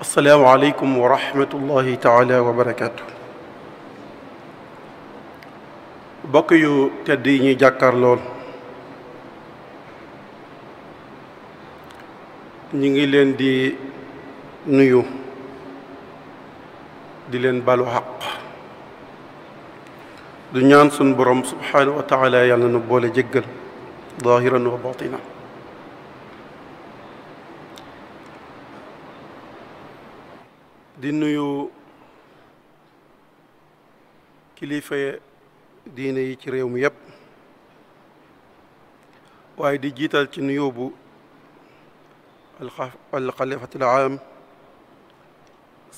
asalaamaaleykum wa rahmatullahi taala wa barakaatu. bokk yu tedd yi ñuy jàkkaar lool ñu ngi leen di nuyu di leen balu xaq du ñaan sun borom subhaanahu wa taala yàlla na boole jéggal zaahiran wa baatinan di nuyu kilifa diine yi ci réew mi yépp waaye di jiital ci nuyu bu alxalifatul aam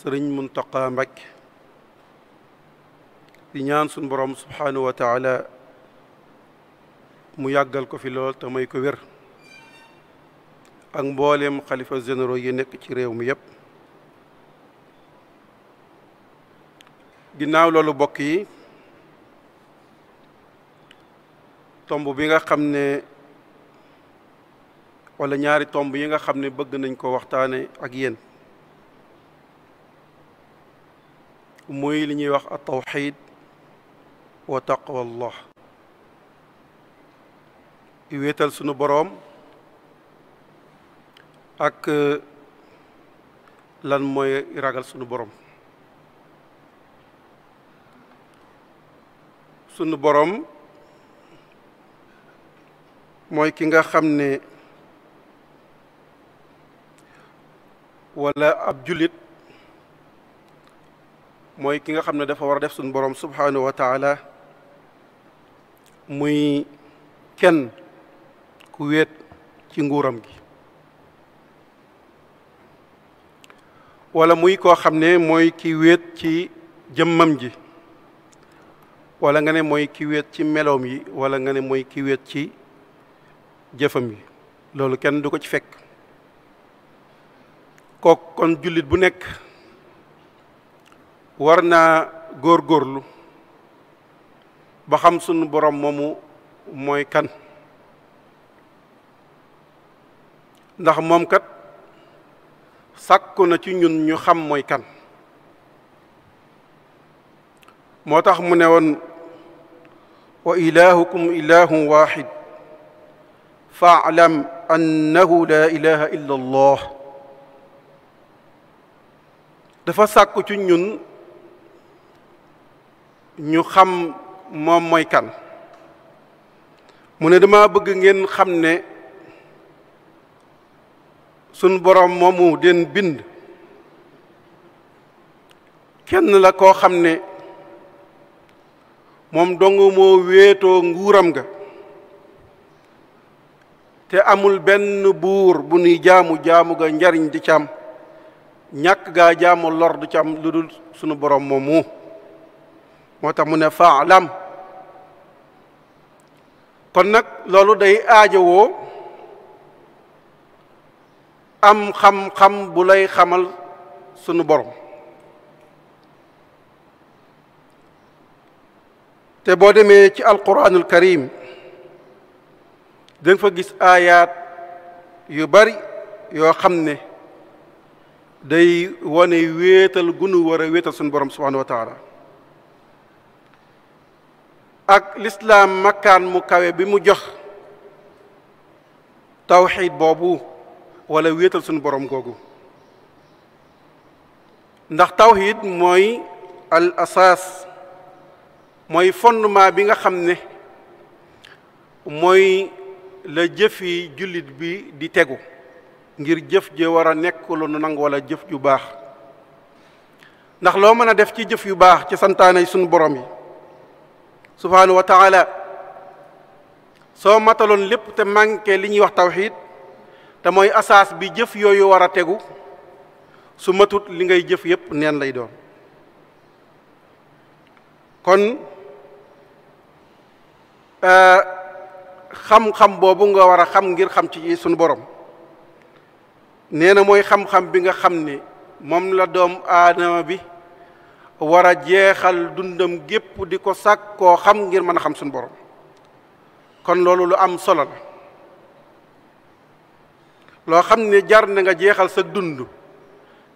mun Muntaqa Mbakke di ñaan suñ borom subhaanahu wa mu yàggal ko fi lool te may ko wér ak mbooleem kalifa généro yi nekk ci réew mi yépp ginnaaw loolu bokk yi tomb bi nga xam ne walla ñaari tomb yi nga xam ne bëgg nañ koo waxtaane ak yéen muy li ñuy wax a tawxid wa taqwa allah wéetal sunu boroom ak lan mooy ragal sunu borom sunu boroom mooy ki nga xam ne wala ab jullit mooy ki nga xam ne dafa war a def sunu borom subhanahu wa taala muy kenn ku wéet ci nguuram gi wala muy koo xam ne mooy ki wéet ci jëmmam ji wala nga ne mooy ki wéet ci meloom yi wala nga ne mooy ki wéet ci jëfam yi loolu kenn du ko ci fekk kook kon jullit bu nekk war naa góorgóorlu ba xam sunu borom moomu mooy kan ndax moom kat sàkku na ci ñun ñu xam mooy kan moo tax mu ne woon wa ilahukum ilahun waxid faalam annahu la ilaha illa allah dafa sàkku ci ñun ñu xam moom mooy kan mu ne dama bëgg ngeen xam ne sun boroom moomu den bind kenn la koo xam ne moom dong moo nguuram ga te amul benn buur bu nuy jaamu jaamu ga njariñ di ci am ñàkk gaa jaamu lor du ci lu dul sunu borom moomu moo tax mu ne faalam kon nag loolu day aajowoo am xam-xam bu lay xamal sunu borom te boo demee ci alquranul karim da fa gis aayaat yu bari yoo xam ne day wane wéetal gunu war a wéetal suñu borom subhanahu wa ak lislaam makaan mu kawe bi mu jox tawxiid boobu wala wéetal suñu borom googu ndax tawxiid mooy al asaas mooy fondement bi nga xam ne mooy la jëf yi jullit bi di tegu ngir jëf ji war a nekk lu nangu wala jëf ju baax ndax loo mën a def ci jëf yu baax ci santaane sunu borom yi subhaanahu wa taala soo mataloon lépp te manqué li ñuy wax tawxiid te mooy asaas bi jëf yooyu war a tegu su matut li ngay jëf yépp neen lay doon kon Euh, xam-xam boobu nga war a xam ngir xam ci suñu borom nee na mooy xam-xam bi nga xam ni moom la doom aadama bi war a jeexal dundam gépp di ko sàkk koo xam ngir mën a xam suñu borom kon loolu lu am solo loo xam ne jar na nga jeexal sa dund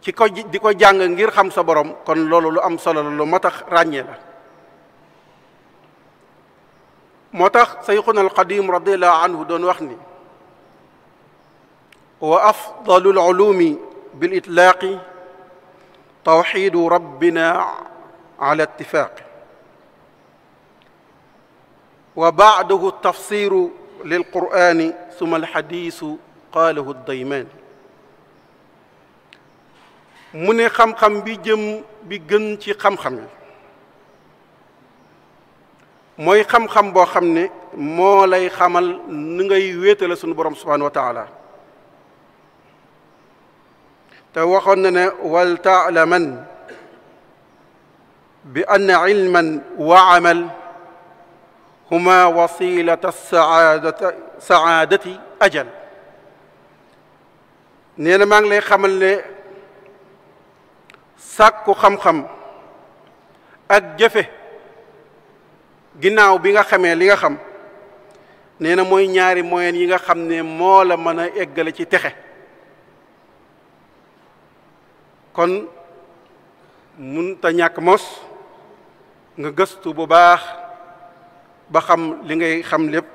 ci ko di ko jàng ngir xam sa borom kon loolu lu am solo lu mat a ràññee la moo tax sayxuna alqadim radiallahu anhu doon wax ni wa afdalu alulumi bil itlaaqi tawxidu rabbina ala ittifaaqi wa baadahu tafsiru lilqurani suma alxadisu qaalahu addaymaani mu ne xam-xam bi jëm bi gën ci xam-xam yi mooy xam boo xam ne moo lay xamal ni ngay wéetale sunu borom subhanahu wa taala te waxoon na ne wal taalaman bi anna ilman wa amal huma wasilata saadati saadati ajal nee na maa ngi lay xamal ne sàkku xam ak jafe ginnaaw bi nga xamee li nga xam nee na mooy ñaari moyen yi nga xam ne moo la mën a eggale ci texe kon mun ta ñàkk mos nga gëstu bu baax ba xam li ngay xam lépp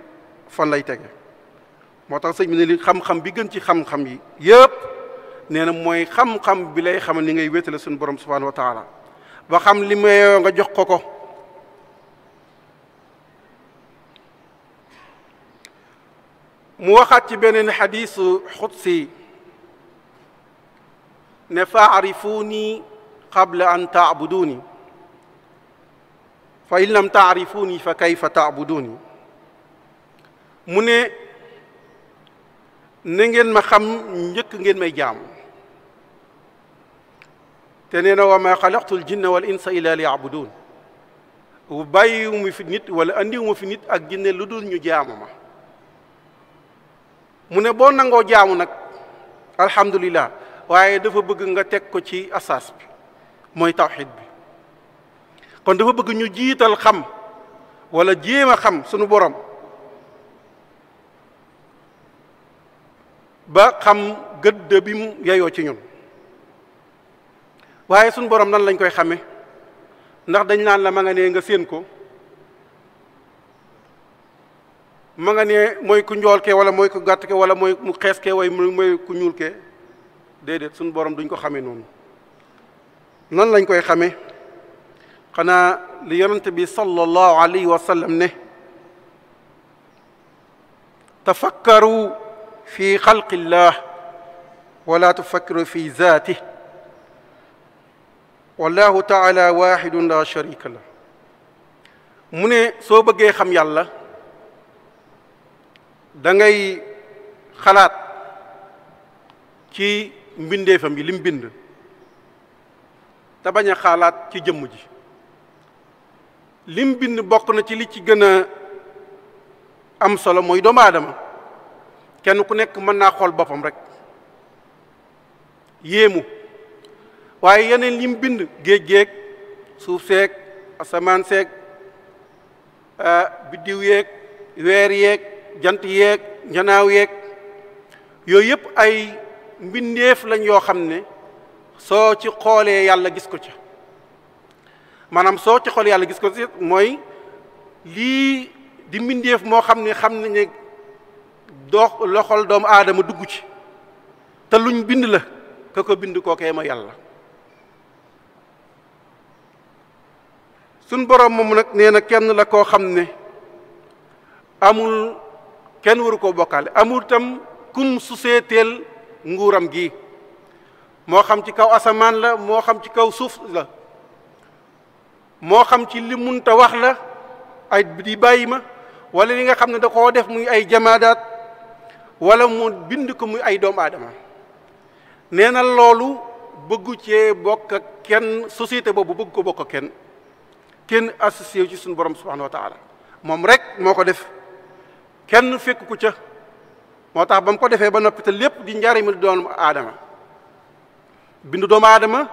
fan lay tege moo tax sëñ bi ne li xam-xam bi gën ci xam-xam yi yëpp nee na mooy xam-xam bi lay xamal li ngay wéetale suñu borom subhanahu wa taala ba xam li mayoo nga jox ko ko mu waxaat ci beneen xadiisu xudsi ne faarifuuni qabla an taabuduuni fa in lam taarifuuni fa kayfa taabuduuni mu ne na ngeen ma xam njëkk ngeen may jaamu te nee na wa ma xalaqtu aljinna wal insa illa li yaabuduun bàyyiwu ma fi nit wala andiwu fi nit ak jinne lu dul ñu jaamu ma mu ne boo nangoo jaamu nag alhamdulillah waaye dafa bëgg nga teg ko ci asaas bi mooy tawxid bi kon dafa bëgg ñu jiital xam walla jéem a xam sunu borom ba xam gëdd bi mu yeyoo ci ñun waaye sunu borom nan lañ koy xame ndax dañ naan la ma nga nga séen ko ma nga ne mooy ku njool ke wala mooy ku gàtt ke wala mooy mu xees ke way mooy ku ñuul ke déedéet suñu borom duñ ko xamee noonu nan lañ koy xamee xanaa li yonent bi sallallahu alayhi wa sallam ne tafakkaru fi xalqillah wala tufakkiru fi zaati wallahu taala waxidun la sharika la mu ne soo bëggee xam yàlla da ngay xalaat ci mbindeefam yi lim bind te bañ a xalaat ci jëmm ji lim bind bokk na ci li ci gën a am solo mooy doomu aadama kenn ku nekk mën naa xool boppam rek yéemu waaye yeneen lim bind géej géeg suuf seek asamaan seek ah, biddiw yeeg weer yeeg jant yéeg njanaaw yeeg yooyu yëpp ay mbindeef lañ yoo xam ne soo ci xoolee yàlla gis ko ca maanaam soo ci xool yàlla gis ko ca mooy lii di mbindeef moo xam ne xam nañ ne doo loxol doomu aadama dugg ci te luñ bind la ka ko bind kookee ma yàlla suñ boroom moom nag nee na kenn la koo xam ne amul kenn waru koo bokkaale amul tam kum suseeteel nguuram gi moo xam ci kaw asamaan la moo xam ci kaw suuf la moo xam ci li munta wax la ay di bàyyi ma wala li nga xam ne da koo def muy ay jamaadaat walla mu bind ko muy ay doomu aadama nee na loolu bëggu cee bokk kenn société boobu bëgg ko bokk kenn kenn associé ci suñu borom subhanahu wa moom rek moo ko def kenn fekk ku ca moo tax ba mu ko defee ba noppi lépp di njariñ mu doomu aadama bindu doomu aadama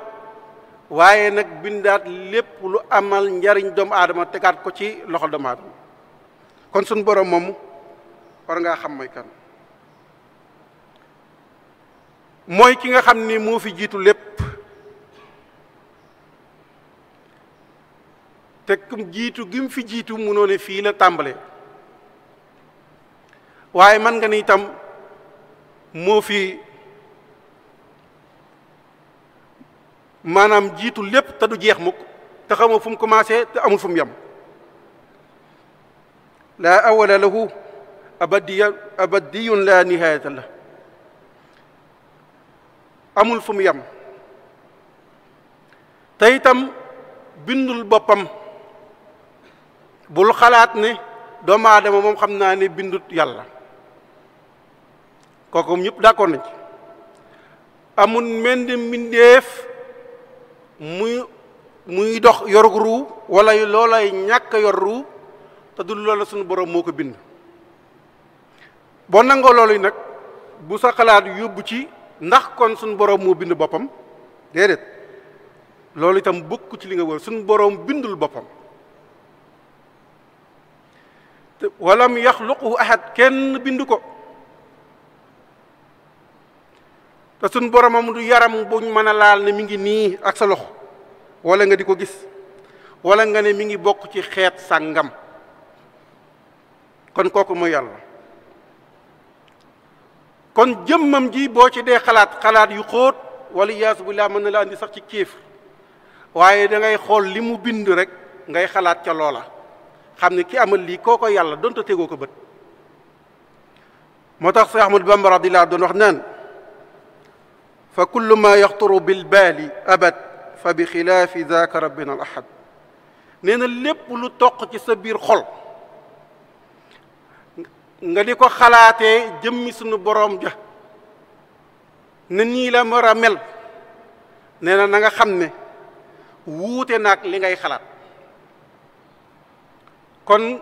waaye nag bindaat lépp lu amal njariñ doomu aadama tegaat ko ci loxo doomu aadama kon suñ boroom moom war ngaa xam mooy kan mooy ki nga xam ni moo fi jiitu lépp te kum jiitu gi mu fi jiitu mu noo fii la tàmbale waaye man nga ni itam moo fi maanaam jiitu lépp te du jeex mukk te xamoo fu mu commencé te amul fu mu yem laa awala lahu abadiya abadiyun laa nihaayata amul fu yam te itam bindul boppam bul xalaat ne doomu aadama moom xam naa ne bindut yàlla kooku moom ñëpp d'accord nañ ci amul menn mbindeef muy muy dox yorug ruu walla loolay ñàkk yor ruu te du loola suñu borom moo ko bind boo nangoo loolu yi nag bu sa xalaat yóbbu ci ndax kon suñu borom moo bind boppam déedéet loolu itam bokk ci li nga wër suñu borom bindul boppam walla walam yaxluqu ahad kenn bind ko te suñ boromam du yaram buñ mën a laal ne mu ngi nii ak sa loxo wala nga di ko gis walla nga ne mi ngi bokk ci xeet sàngam kon kooku mu yàlla kon jëmmam ji boo ci dee xalaat xalaat yu xóot wala yaasu bu laa mën na la ndi sax ci kéefr waaye dangay xool li mu bind rek ngay xalaat ca loola xam ne kii amal lii kooko yàlla donte tegoo ko bët moo tax Seex Ahmadu Bamba radiyallaahu doon wax naan fa kullu ma yaxturu bil baali abad fa bi xilaafi daaka rabbina al ahad nee na lépp lu toq ci sa biir xol nga di ko xalaatee jëmmi sunu boroom ja ne nii la mara mel nee na na nga xam ne wuute nag li ngay xalaat kon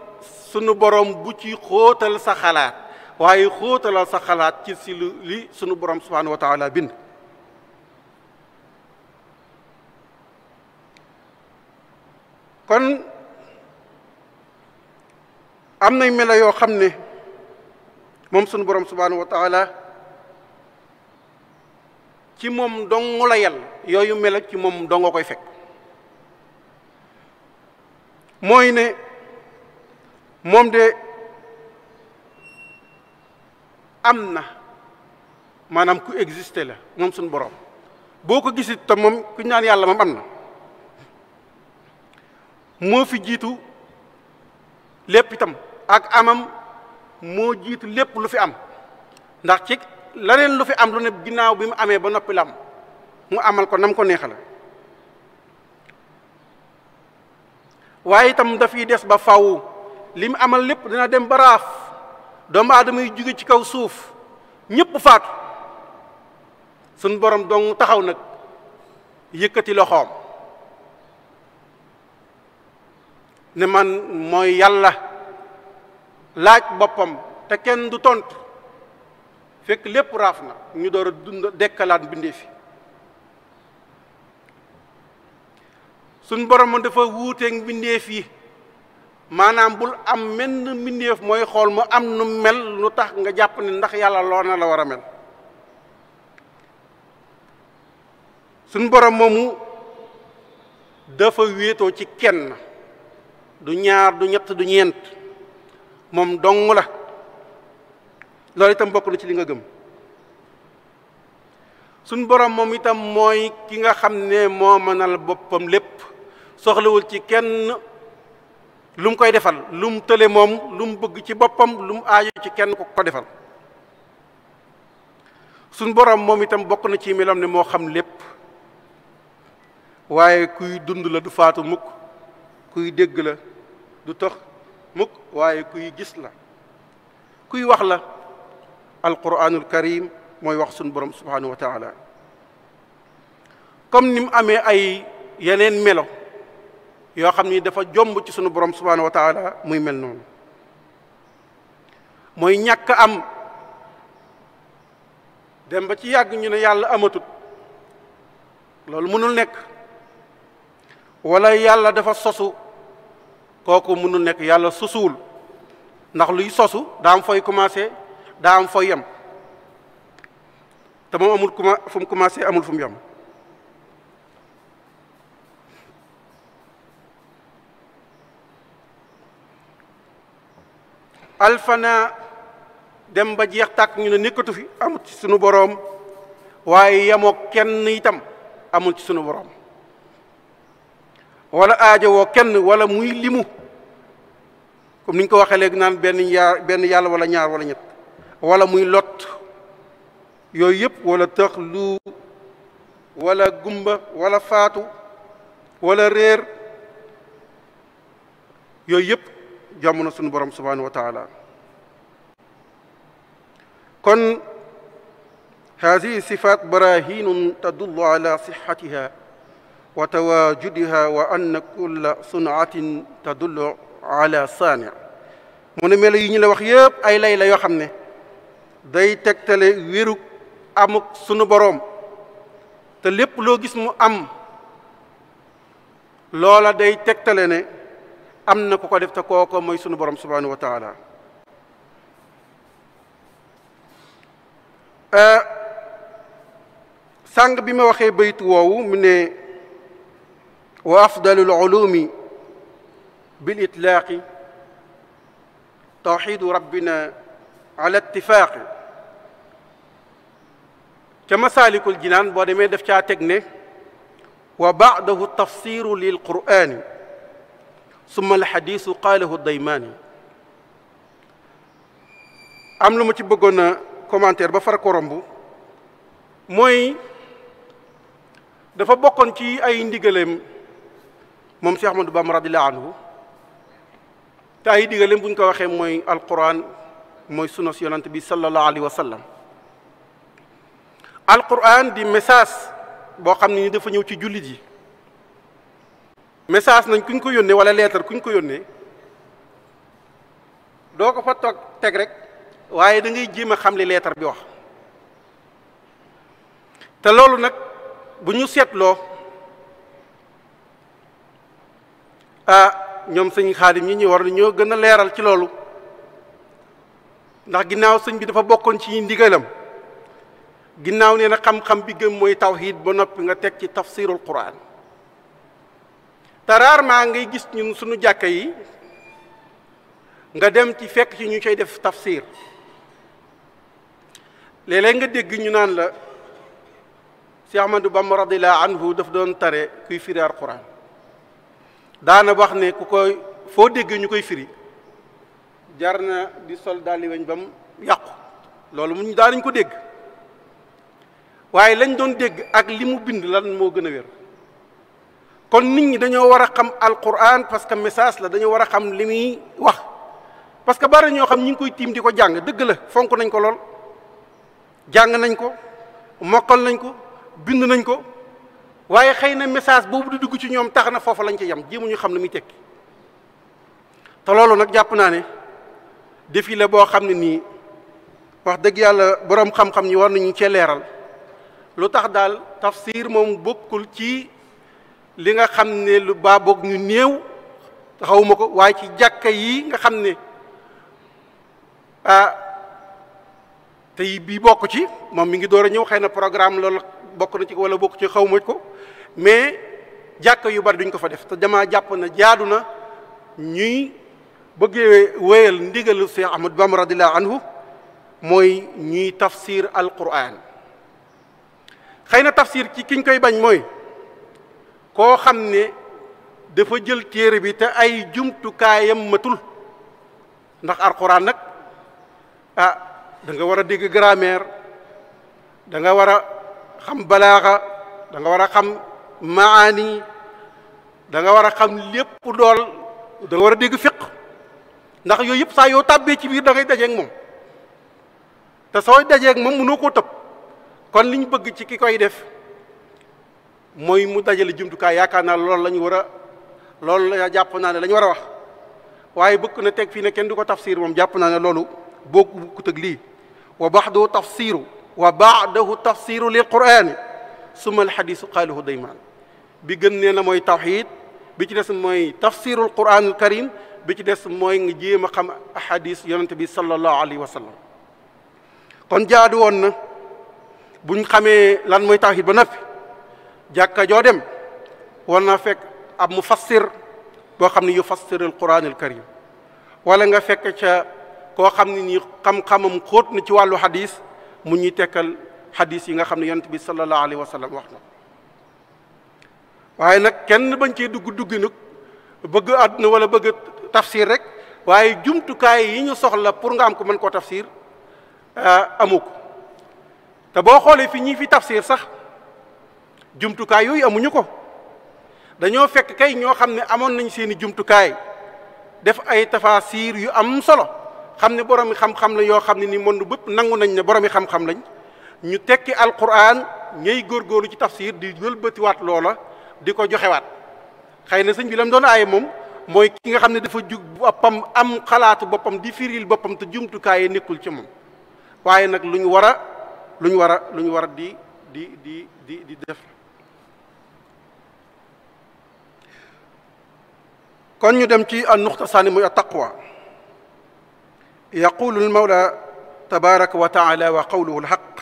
sunu boroom bu ci xootal sa xalaat waaye xóotalal sa xalaat ci si lu li sunu borom subhaanahu wa taala bind kon am nay melo yoo xam ne moom sunu borom subhanahu wa taala ci moom dong la yàlla yooyu melo ci moom dong koy fekk mooy ne moom de am na maanaam ku existé la moom sunu borom boo ko gisit te moom ku ñaan yàlla moom am na moo fi jiitu lépp itam ak amam moo jiitu lépp lu fi am ndax ci laneen lu fi am lu ne ginnaaw bi mu amee ba noppi la mu amal ko nam ko neexale waaye tam dafiy des ba faw li mu amal lépp dina dem ba raaf doomu aadama yi jóge ci kaw suuf ñëpp faatu suñ borom dong taxaw nag yëkkati loxoom ne man mooy yàlla laaj boppam te kenn du tontu fekk lépp raaf na ñu door a dund dekkalaat bindee fi suñ borom dafa wuuteeg mbindeef yi maanaam bul am menn mbindeef mooy xool mu am nu mel lu tax nga jàpp ni ndax yàlla loo na la war a mel suñ borom moomu dafa wéetoo ci kenn du ñaar du ñett du ñeent moom dong la loolu itam bokk na ci li nga gëm suñ borom moom itam mooy ki nga xam ne moo mënal boppam lépp soxlawul ci kenn lu mu koy defal lu mu tële moom lu mu bëgg ci boppam lu mu aajo ci kenn ku ko defal suñ borom moom itam bokk na ci melam ne moo xam lépp waaye kuy dund la du faatu mukk kuy dégg la du tox mukk waaye kuy gis la kuy wax la alquranul karim mooy wax sunu borom subhanahu wa taala comme ni mu amee ay yeneen melo yoo xam ni dafa jomb ci sunu borom subhanahu wa muy mel noonu mooy ñàkk am dem ba ci yàgg ñu ne yàlla amatut loolu mënul nekk wala yàlla dafa sosu kooku mënul nekk yàlla susuwul ndax luy sosu daa foy fooy commencé daa am fooy yem te amul kuma fu commencé amul fu mu yem alfana dem ba jeex tàkk ñu ne nekkatu fi amul ci suñu boroom waaye yemoo kenn itam amul ci sunu boroom wala aajowoo kenn wala muy limu comme ni ñu ko waxee léegi naan benn yaar benn yàlla wala ñaar wala ñett wala muy lot yooyu yëpp wala tëx lu wala gumba wala faatu wala réer yooyu yëpp jàmm na suñu borom subhanahu wa taala kon haadihi sifaat barahinun tadullu ala sixatiha wa tawaajudiha wa ann kulla sunaatin tadullu ala saani mu ne melo yi ñu la wax yëpp ay layla yoo xam ne day tegtale wérug amuk sunu boroom te lépp loo gis mu am loola day tegtale ne am na ku ko def te kooko mooy sunu borom subhanahu wa taala eh, sàng bi ma waxee baytu woowu mu ne wa afdalu lulumi bilitlaaqi tawxidu rabbina ala ittifaaqi ca masaalikul jinaan boo demee def caa teg ne wa baadahu tafsiru lilqur'ani summa alxadisu qaalahu daymaani am lu ma ci bëggoon a commentaire ba far ko mooy dafa bokkoon ci ay ndigaleem moom Cheikh Ahmadou Bamba radiyallahu anhu te ay digaleem bu ñu ko waxee mooy alquran mooy sunna si bi sallallahu alayhi wa sallam alquran di message boo xam ne ni dafa ñëw ci jullit yi message nañ kuñ ko yónnee wala lettre kuñ ko yónnee doo ko fa toog teg rek waaye dangay ngay jéem a xamle lettre bi wax te loolu nag bu ñu seetloo. ah ñoom sëñ xaadim ñi ñi war na ñoo gën a leeral ci loolu ndax ginnaaw sëñ bi dafa bokkoon ci ndigalam ginnaaw nee na xam-xam bi gën mooy tawhid ba noppi nga teg ci tafsirul quran te rarement ngiy gis ñu suñu jàkka yi nga dem ci fekk ci ñu cay def tafsir léeg nga dégg ñu naan la Cheikh Ahmadou Bamba radiyallahu anhu daf doon tare kuy firi al quran daana wax ne ku koy foo déggee ñu koy firi jar na di sol dalli yàqu loolu mu daanañ ko dégg waaye lañ doon dégg ak li mu bind lan moo gën a wér kon nit ñi dañoo war a xam alquran parce que message la dañoo war a xam li muy wax parce que bari ñoo xam ñi ngi koy tiim di ko jàng dëgg la fonk nañ ko lool jàng nañ ko mokkal nañ ko bind nañ ko waaye xëy na message boobu di dugg ci ñoom tax na foofu lañu ci yem jéemu ñu xam ne muy tekki te loolu nag jàpp naa ne défi boo xam ne nii wax dëgg yàlla boroom xam-xam ñi war nañu cee leeral lu tax daal tafsir moom bokkul ci li nga xam ne lu baa boog ñu néew taxawuma ko waaye ci jàkka yi nga xam ne ah tey bii bokk ci moom mi ngi door a ñëw xëy na programme loolu bokk na ci wala bokk ci xaw ma ko mais jàkka yu bari duñ ko fa def te dama jàpp na jaadu na ñuy bëggee wéyal ndigalu Cheikh Ahmad Bamba radiyallahu anhu mooy ñuy tafsir alquran xëy na tafsir ci kiñ koy bañ mooy koo xam ne dafa jël téere bi te ay jumtukaayam matul ndax alquran nag ah da nga war a dégg grammaire da nga xam balaaxa da nga war a xam maani da nga war a xam lépp dool da nga war a dégg fiq ndax yooyu yëpp saa yoo tàbbee ci biir da ngay dajeeg moom te sooy dajeek moom mënoo ko tëb kon li ñu bëgg ci ki koy def mooy mu dajale jumtukaay yaakaar naa loolu la ñu war a loolu la jàpp naa ne la ñu war a wax waaye bëgg na teg fii ne kenn du ko tafsir moom jàpp naa ne loolu boo ku tëg lii wa baxdu tafsiru wa baadahu tafsiru lil qurani summa alxadisu qaaluhu daymaan bi gën na mooy tawxid bi ci des mooy tafsirul quranul karim bi ci des mooy nga jéem a xam ahadis yonente bi sallallahu alayhi wa sallam kon jaadu woon na buñ xamee lan mooy tawxid ba noppi jàkka joo dem war naa fekk mu mufassir boo xam ne yu fassirul quranul karim wala nga fekk ca koo xam ne nii xam-xamam xóot na ci wàllu hadis mu ñuy tekkal xadis yi nga xam ne yonent bi sallallahu alayhi wa sallam wax na waaye nag kenn bañ cee dugg dugg nag bëgg àdduna wala bëgg tafsir rek waaye jumtukaay yi ñu soxla pour nga am ko mën koo tafsir ah, amu ko te boo xoolee fi ñi fi tafsir sax jumtukaay yooyu amuñu ko dañoo fekk kay ñoo xam ne amoon nañ seeni jumtukaay def ay tafasir yu am solo xam ne borom i xam-xam la yoo xam ne ni monde bépp nangu nañ ne borom i xam-xam lañ ñu tekki alquran ñay góorgóorlu ci tafsir di wëlbatiwaat loola di ko joxewaat xëy na sëñ bi lam doon aaye moom mooy ki nga xam ne dafa jug boppam am xalaatu boppam di firil boppam te jumtukaay yi nekkul ci moom waaye nag lu ñu war a lu ñu war a lu ñu war a di di di di di def kon ñu dem ci an nuxta sànni muy a taqwa يقول المولى تبارك وتعالى وقوله الحق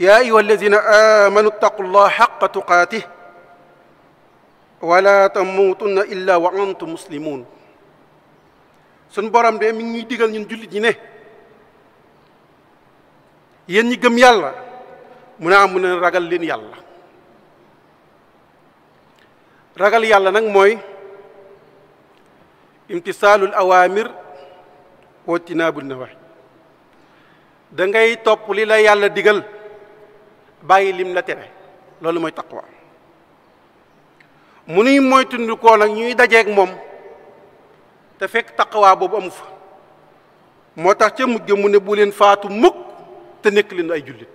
يا ايها الذين امنوا اتقوا الله حق تقاته ولا تموتن الا وانتم مسلمون suñ borom de mi ngi ñuy digal ñun jullit ñi ne yéen ñi gëm yàlla mu ne am mu ne ragal leen yàlla ragal yàlla nag mooy imtisaalul awaamir wajtinaabu nawaahi da ngay topp li la yàlla digal bàyyi lim la tere loolu mooy taqwa mu nuy moytundikoo nag ñuy dajeek moom te fekk taqwa boobu amu fa moo tax ca mujj mu ne bu leen faatu mukk te nekk leen ay jullit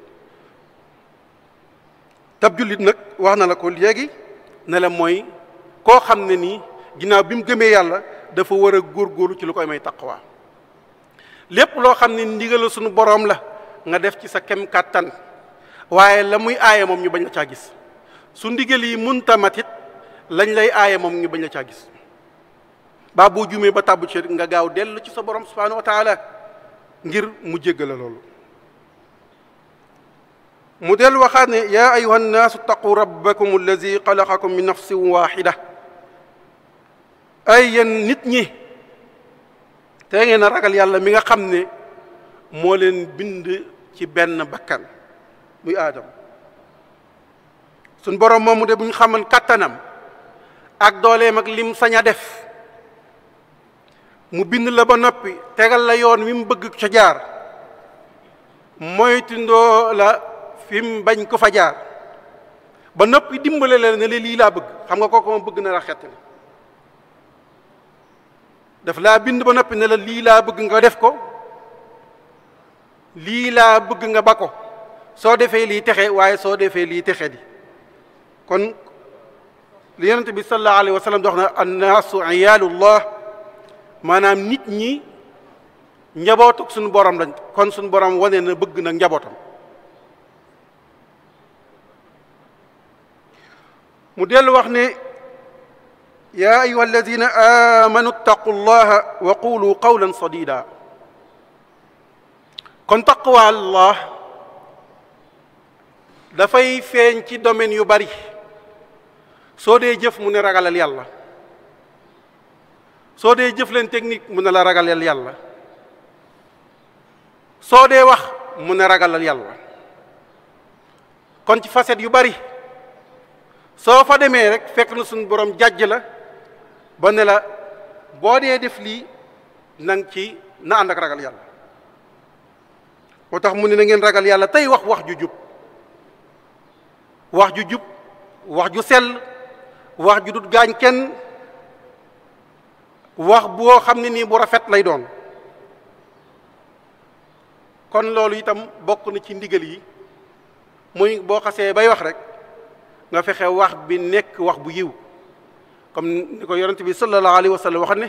tab jullit nag wax na la ko léegi ne la mooy koo xam ne nii ginnaaw bi mu gëmee yàlla dafa war a góor góorgóorlu ci lu koy may taqwa lépp loo xam ne ndigal suñu boroom la nga def ci sa kem kàttan waaye la muy aaye moom ñu bañ la caa gis su ndigal yi mun tamatit lañ lay aaye moom ñu bañ la caa gis baa boo juumee ba tàbbu ci nga gaaw dellu ci sa borom subhanahu wa taala ngir mu jéggale loolu mu del waxaat ne yaa ayuha nnaasu taqu rabbakum allazi xalaqakum min nafsin waxida ay yéen nit ñi te ngeen a ragal yàlla mi nga xam ne moo leen bind ci benn bakkan muy aadam suñ boroom moomu de bu ñu xamoon kattanam ak dooleem ak lim sañ a def mu bind la ba noppi tegal la yoon wi mu bëgg ca jaar moytundoo la fi mu bañ ko fajaar ba noppi dimbale la ne lii laa bëgg xam nga kooku moom bëgg na la xett daf laa bind ba noppi ne la lii laa bëgg nga def ko lii laa bëgg nga ba soo defee lii texe waaye soo defee lii texe di kon li yonent bi sallallahu alayhi wa sallam dox na annaasu iyaalullah maanaam nit ñi njabootuk suñu borom lañ kon suñu borom wane na bëgg na njabootam mu dellu wax ne yaa ayyuha alladina amanu ittaqu llaha wa qulu qawlan sadida kon taqwa allah dafay feeñ ci domaine yu bari soo dee jëf mu ne ragalal yàlla soo dee jëf leen technique mu ne la ragalal yàlla soo dee wax mu ne ragalal yàlla kon ci faset yu bari soo fa demee rek fekk na suñu borom jàjj la ba ne la boo dee def lii nang ci na ànd ragal yàlla moo tax mu ne na ragal yàlla tey wax wax ju jub wax ju jub wax ju sell wax ju dut gaañ kenn wax boo xam ne nii bu rafet lay doon kon loolu itam bokk na ci ndigal yi muy boo xasee bay wax rek nga fexe wax bi nekk wax bu yiw comme ni ko yonent bi sallallahu alayhi wa sallam waxoon ne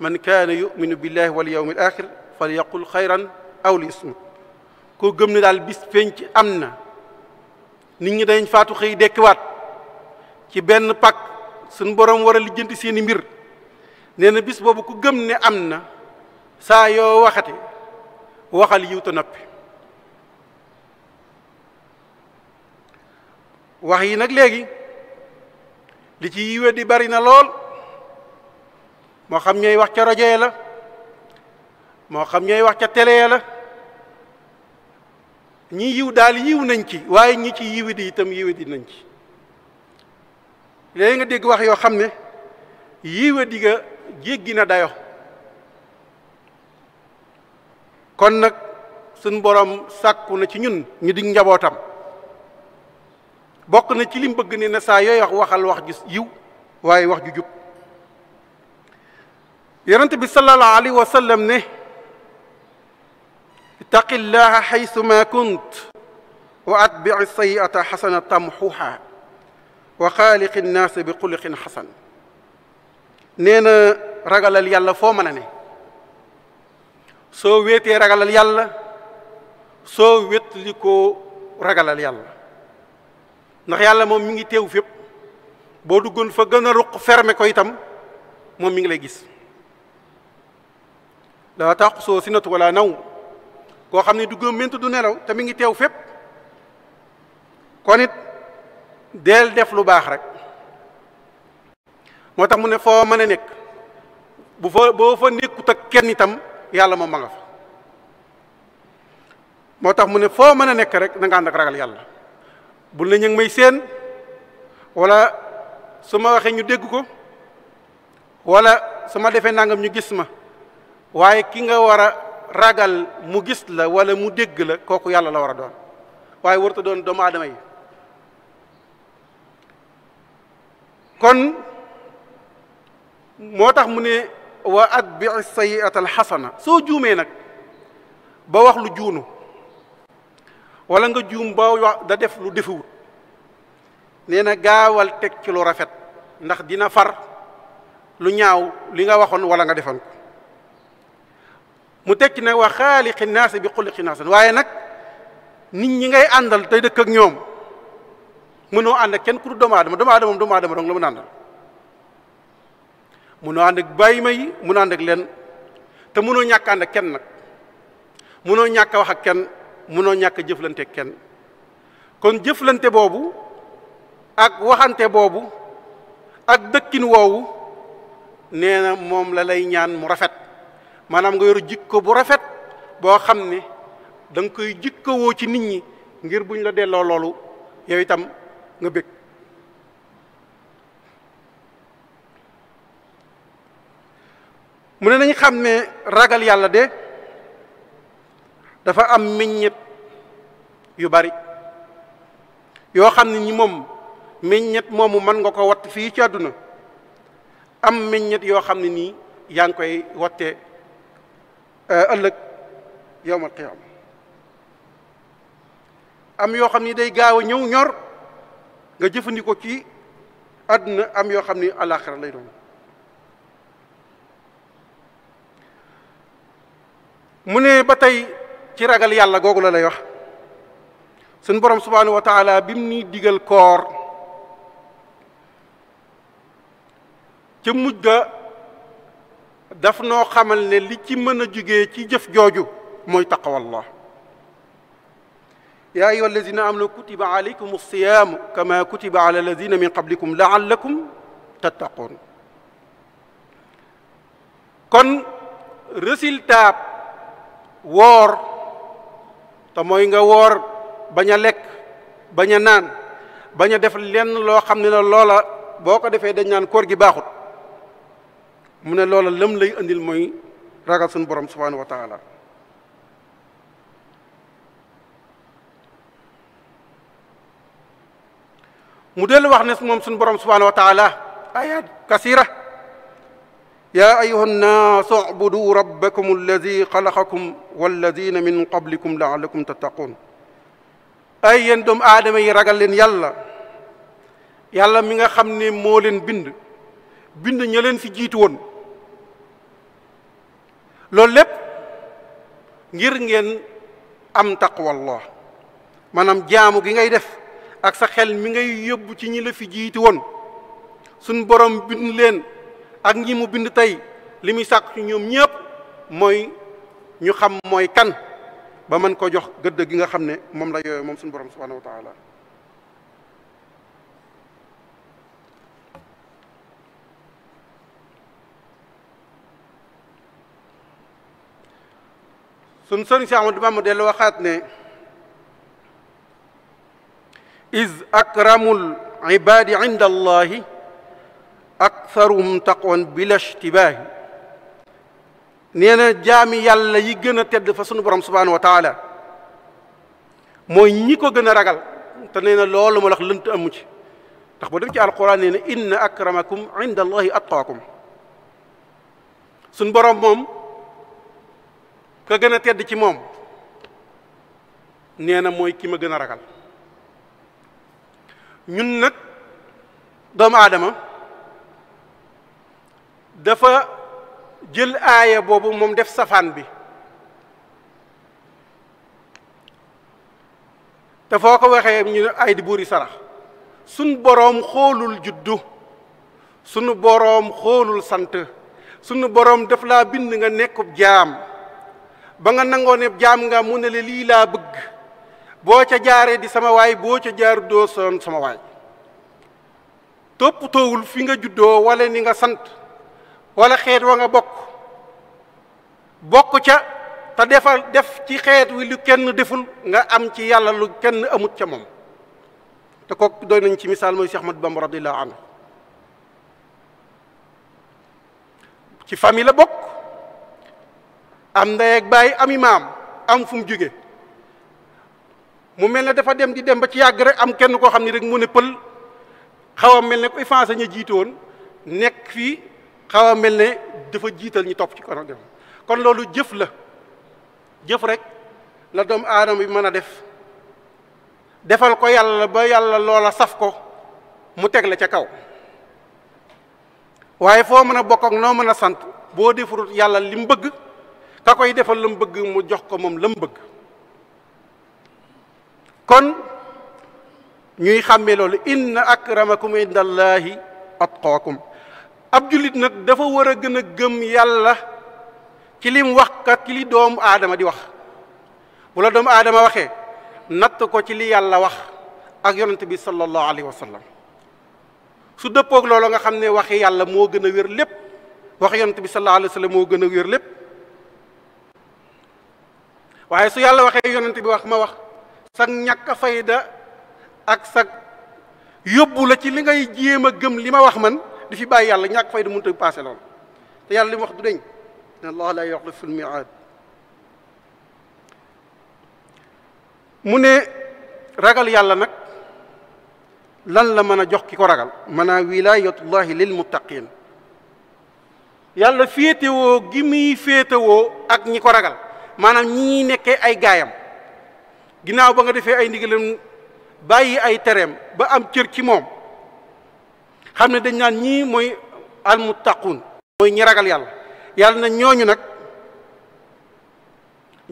man kaana yuminu billahi wal yawmil axir fal yaqul xayran aw li yasmut koo gëm ne daal bis penc am na nit ñi dañ faatu xëy dekkiwaat ci benn pakk suñ borom wara a lijjanti seen mbir nee na bis boobu ku gëm ne am na saa yoo waxate waxal yiw ta noppi wax yi nag léegi li ci yiwe di bari na lool moo xam ñooy wax ca rajo la moo xam ñooy wax ca télé la ñii yiw daal yiw nañ ci waaye ñi ci yiwe di itam yiwe di nañ ci léegi nga dégg wax yoo xam ne yiwe di nga jéggi na dayo kon nag suñ borom sàkku na ci ñun ñu di njabootam bokk na ci lim bëgg ne na saa yooy wax waxal wax ju yiw waaye wax ju jub yonent bi sallallahu alayhi wa sallam ne ittaqillaha xaysuma kunt wa atbici sayiata xasana tamxuha wa xaaliqi nnaasa bi xuliqin xasan nee na ragalal yàlla foo mën a ne soo wéetee ragalal yàlla soo wétli koo ragalal yàlla ndax yàlla moom mi ngi teew fépp boo duggoon fa gën a ruq fermé ko itam moom mi ngi lay gis laa taqsoo sinatu wala naw koo xam ne du gëmmentu du nelaw te mi ngi teew fépp kon it deel def lu baax rek moo tax mu ne foo mën a nekk bu fa boo fa nekkut ak kenn itam yàlla moom ma nga fa moo tax mu ne foo mën a nekk rek na nga ànd ak ragal yàlla bu ne ñu may séen wala su ma waxee ñu dégg ko wala su ma defee nangam ñu gis ma waaye ki nga war a ragal mu gis la wala mu dégg la kooku yàlla la war a doon waaye warta doon doomu aadama yi kon moo tax mu ne wa atbii sayiata alxasana soo juumee nag ba wax lu juunu wala nga juum ba wax da def lu defewut nee na gaawal teg ci lu rafet ndax dina far lu ñaaw li nga waxoon wala nga defoon ko mu teg ci nag wax xaaliqi naas bi xuliqi naasan waaye nag nit ñi ngay àndal te dëkk ak ñoom mënoo ànd kenn ku du doomu aadama doomu aadama moom doomu aadama dong la mën a àndal mënoo ànd ak bàyyi ma yi mënoo leen te mënoo ñàkk ànd kenn nag mënoo ñàkk a wax ak kenn mënoo ñàkk jëflante kenn kon jëflante boobu ak waxante boobu ak dëkkin woowu nee na moom la lay ñaan mu rafet maanaam nga yor ko bu rafet boo xam ne danga koy jikkowoo ci nit ñi ngir buñ la delloo loolu yow itam nga bég mu ne nañ xam ne ragal yàlla de dafa am meññet yu bari yoo xam ne ni moom meññet moomu mën nga ko watt fii ci àdduna am meññet yoo xam ne nii yaa ngi koy wattee euh, ëllëg yowmal qiyaama am yoo xam ni day gaaw a ñëw ñor nga jëfandikoo ci àdduna am yoo xam ni alaaxira lay doon mu ne ba tey ci ragal yàlla googu la lay wax suñ borom subhanahu wa taala bi mu ni digal koor ca mujj ga daf noo xamal ne li ci mën a jóge ci jëf jooju mooy taqwallah yaa ayyuha allazina amanu kutiba alaykum alsiyaamu kama kutiba ala allazina min qablikum laallakum tattaqun kon résultat woor te mooy nga woor bañ a lekk bañ a naan bañ a def lenn loo xam ne la loola boo ko defee dañ naan koor gi baaxut mu ne loola lam lay indil mooy ragal suñu borom subhanahu wa mu dellu wax ne moom suñu borom subhanahu wa taala ayat kasira yaa ayyuha nnaasu ubudu rabbakum alladi xalaqakum walladina min qablikum laallakum tattaquun ay yéen doomu aadama yi ragal leen yàlla yàlla mi nga xam ne moo leen bind bind ña leen fi jiitu woon loolu lépp ngir ngeen am taqwallah maanaam jaamu gi ngay def ak sa xel mi ngay yóbbu ci ñi la fi jiitu woon suñ borom bind leen ak ñii mu bind tey li muy sàkk ci ñoom ñëpp mooy ñu xam mooy kan ba mën ko jox gëdd gi nga xam ne moom la yooyu moom suñu borom subhanahu wa taala sun sëriñ si Ahmadu Bamba dellu waxaat ne iz akramul ibaadi inda allahi aktharuhum taqwan bila ishtibaahi nee na jaami yàlla yi gën a tedd fa sunu borom subhanahu wa taala mooy ñi ko gën a ragal te nee na loolu ma wax lënt amu ci ndax bu dem ci alquran nee na inna akramakum inda allahi atqaakum sunu borom moom ka gën a tedd ci moom nee na mooy ki ma gën a ragal ñun nag doomu aadama dafa jël aaya boobu moom def safaan bi te ko waxe ñu ne ay di buuri sarax sunu boroom xoolul juddu sunu boroom xoolul sant sunu boroom daf laa bind nga nekkub jaam ba nga nangoone jaam nga mu ne la lii laa bëgg boo ca jaaree di sama waay boo ca jaar doo soon sama waay toppatoowul fi nga juddoo wala ni nga sant wala xeet wa nga bokk bokk ca te defal def ci xeet wi lu kenn deful nga am ci yàlla lu kenn amut ca moom te kooku doy nañ ci misaal mooy Cheikh Ahmadou Bamba radiyallahu anhu ci famille la bokk am ndey ak baay am am fu mu jóge mu mel ne dafa dem di dem ba ci yàgg rek am kenn koo xam ni rek mu ne pël xaw a mel ne koy fancé ña jiite woon nekk fii xaw mel ne dafa jiital ñu topp ci kanam kon loolu jëf la jëf rek la doomu aadama bi mën a def defal ko yàlla ba yàlla loola saf ko mu teg la ca kaw waaye foo mën a bokk ak noo mën a sant boo defarut yàlla li bëgg ka koy defal la mu bëgg mu jox ko moom la mu bëgg kon ñuy xàmmee loolu inna akramakum indallahi atqaakum ab jullit nag dafa war a gën a gëm yàlla ci lim wax ka ci li doomu aadama di wax bu la doomu aadama waxee natt ko ci li yàlla wax ak yonent bi sallallahu alayhi wa su dëppoog loolu nga xam ne waxi yàlla moo gën a wér lépp wax yonent bi sallallahu alayhi wa moo gën a wér lépp waaye su yàlla waxee yonent bi wax ma wax sag ñàkk a fayda ak sag yóbbu la ci li ngay jéem a gëm li ma wax man di fi bàyyi yàlla ñàkk fayda mënut a passé loolu te yàlla li mu wax du deñ inna allah la yuxlifu l-miiaad mu ne ragal yàlla nag lan la mën a jox ki ko ragal maanaam wilaayatullahi lil muttaqiin yàlla féetewoo gi muy féetewoo ak ñi ko ragal maanaam ñi nekkee ay gaayam ginnaaw ba nga defee ay ndigalam bàyyi ay tereem ba am cër ci moom xam ne dañ naan ñii mooy almuttaquun mooy ñi ragal yàlla yàlla na ñooñu nag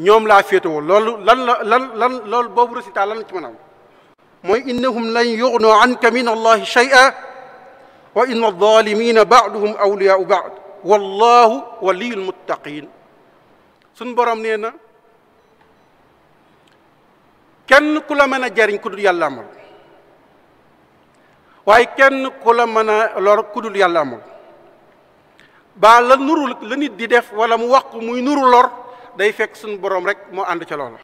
ñoom laa féetewoo loolu lan la lan lan loolu boobu résultat lan la ci mën a am mooy innahum lan yugnoo anka min allahi shay'a wa inna adh-dhalimina ba'duhum awliyaa'u ba'd wallahu waliyul muttaqin suñ borom nee na kenn ku la mën a jariñ ku dul yàlla waaye kenn ku la mën a lor ku yàlla amul ba la nuru la nit di def wala mu wax ko muy nuru lor day fekk suñu borom rek moo ànd ca loola